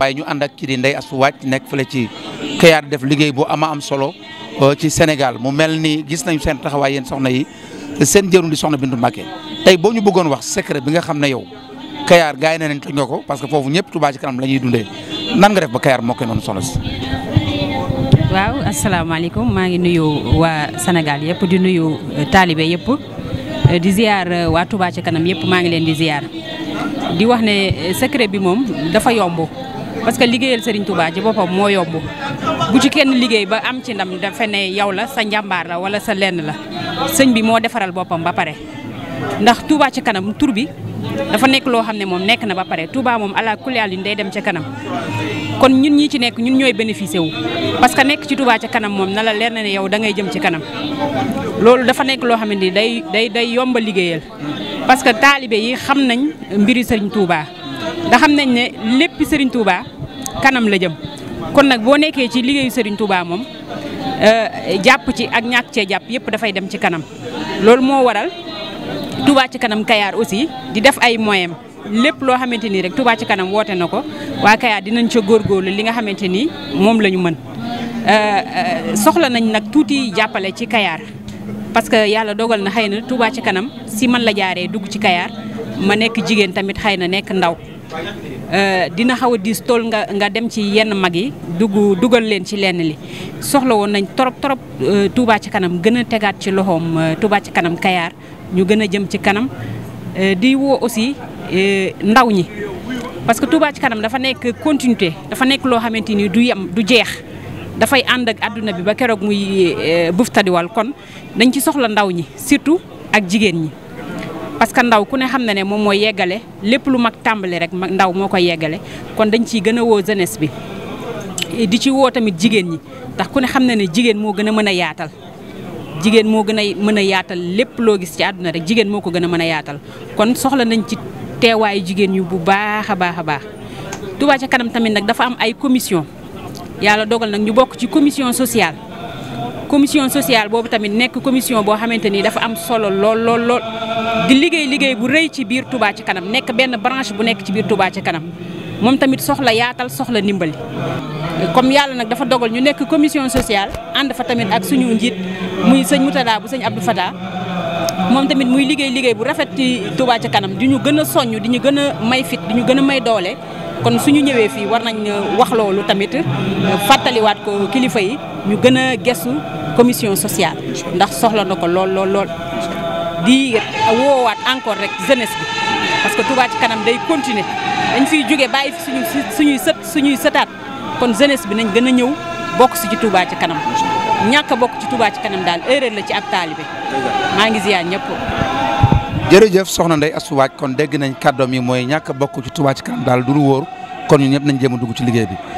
waaye ñu ànd ak kii di Ndeye Assou nekk nekk fële ci Kayar def liggéey bu ama am solo euh, ci Sénégal mu mel ni gis nañ seen taxawaay yéen soxna yi seen jërundi soxna Bintu Mbacké tey boo ñu bëggoon wax secret bi nga xam ne yow Kayar gars yi ne nañ nga ko parce que foofu ñëpp Touba ci kanam la ñuy dundee nan nga def ba Kayar mokkee noonu soxna si. waaw asalaamaaleykum maa ngi nuyu waa Sénégal yëpp di nuyu euh, taalibe yëpp euh, di ziar waa Touba ci kanam yëpp maa ngi leen di ziar di wax ne secret bi moom dafa yomb. parce que liggéeyal Serigne Touba ci boppam moo yomb bu ci kenn liggéey ba am ci ndam dafa ne yow la sa njàmbaar la wala sa lenn la sëñ bi moo defaral boppam ba pare. ndax Touba ci kanam tur dafa nekk loo xam ne moom nekk na ba pare Touba moom ala kulli day dem ca kanam kon ñun ñi ci nekk ñun ñooy bénéficié wu. parce que nekk ci Touba ca kanam moom leer na ne yow da jëm ci kanam loolu dafa nekk loo xamante ni day day day yomba liggéeyal parce que taalibe yi xam nañ mbiri Serigne Touba. da xam nañ ne lépp Serigne Touba kanam la jëm kon nag boo nekkee ci liggéeyu Serigne Touba moom euh, jàpp ci ak ñàkk cee jàpp yëpp dafay dem ci kanam loolu moo waral Touba ci kanam kayaar aussi di def ay moyens lépp loo xamante ni rek Touba ci kanam woote na ko waa Kayar dinañ ca góorgóorlu li nga xamante ni moom la ñu mën euh, euh, soxla nañ nag tuuti jàppale ci kayaar parce que yàlla dogal na xëy na Touba ci kanam si man la jaaree dugg ci Kayar ma nekk jigéen tamit xëy na nekk ndaw Euh, dina xaw a diis tool nga nga dem ci yenn mag yi dugg dugal leen ci lenn li soxla woon nañ trop trop euh, Touba ci kanam gën a tegaat ci loxoom euh, Touba ci kanam kayaar ñu gën a jëm ci kanam di woo aussi ndaw ñi parce que Touba ci kanam dafa nekk continuité dafa nekk loo xamante ni du yem du jeex dafay ànd ak àdduna bi ba keroog muy buftadiwal kon dañ ci soxla ndaw ñi surtout ak jigéen ñi parce que ndaw ku ne xam na ne moom moo yeggale lépp lu mag tàmbali rek mag ndaw moo ko yeggale kon dañ ciy gën a woo jeunesse bi di ci woo tamit jigéen ñi ndax ku ne xam na ne jigéen moo gën a mën a yaatal jigéen moo gën a mën a yaatal lépp loo gis ci àdduna rek jigéen moo ko gën a mën a yaatal kon soxla nañ ci teewaayu jigéen ñi bu baax a baax a baax Touba ca kanam tamit nag dafa am ay commission yàlla dogal nag ñu bokk ci commission sociale commission sociale boobu tamit nekk commission boo xamante ni dafa am solo lool lool lool di liggéey liggéey bu rëy ci biir tubaa ci kanam nekk benn branche bu nekk ci biir Touba ci kanam moom tamit soxla yaatal soxla ndimbali comme yàlla nag dafa dogal ñu nekk commission sociale ànd tamit ak suñu njiit muy sëñ Moutada bu sëñ Abdou Fata moom tamit muy liggéey liggéey bu rafet ci tubaa ci kanam di ñu gën a soññ di ñu gën a may fit di ñu gën a may doole kon su ñu ñëwee fii war nañ wax loolu tamit fàttaliwaat ko kilifa yi ñu gën a gestu commission sociale ndax soxla na ko lool lool lool di woowaat encore rek jeunesse bi parce que Touba ci kanam day continuer dañ fiy jóge bàyyi fi suñu suñuy sët suñuy sëtaat kon jeunesse bi nañ gën a ñëw bokk si ci Touba ci kanam ñàkk a bokk ci Touba daal erreur la ci ab taalibe maa ngi ziyaar ñëpp jërëjëf soxna Ndeye Astou Wathie kon dégg nañ kàddoom yi mooy ñàkk a bokk ci Touba ci kanam daal du lu wóor kon ñu ñëpp nañ jéem a dugg ci liggéey bi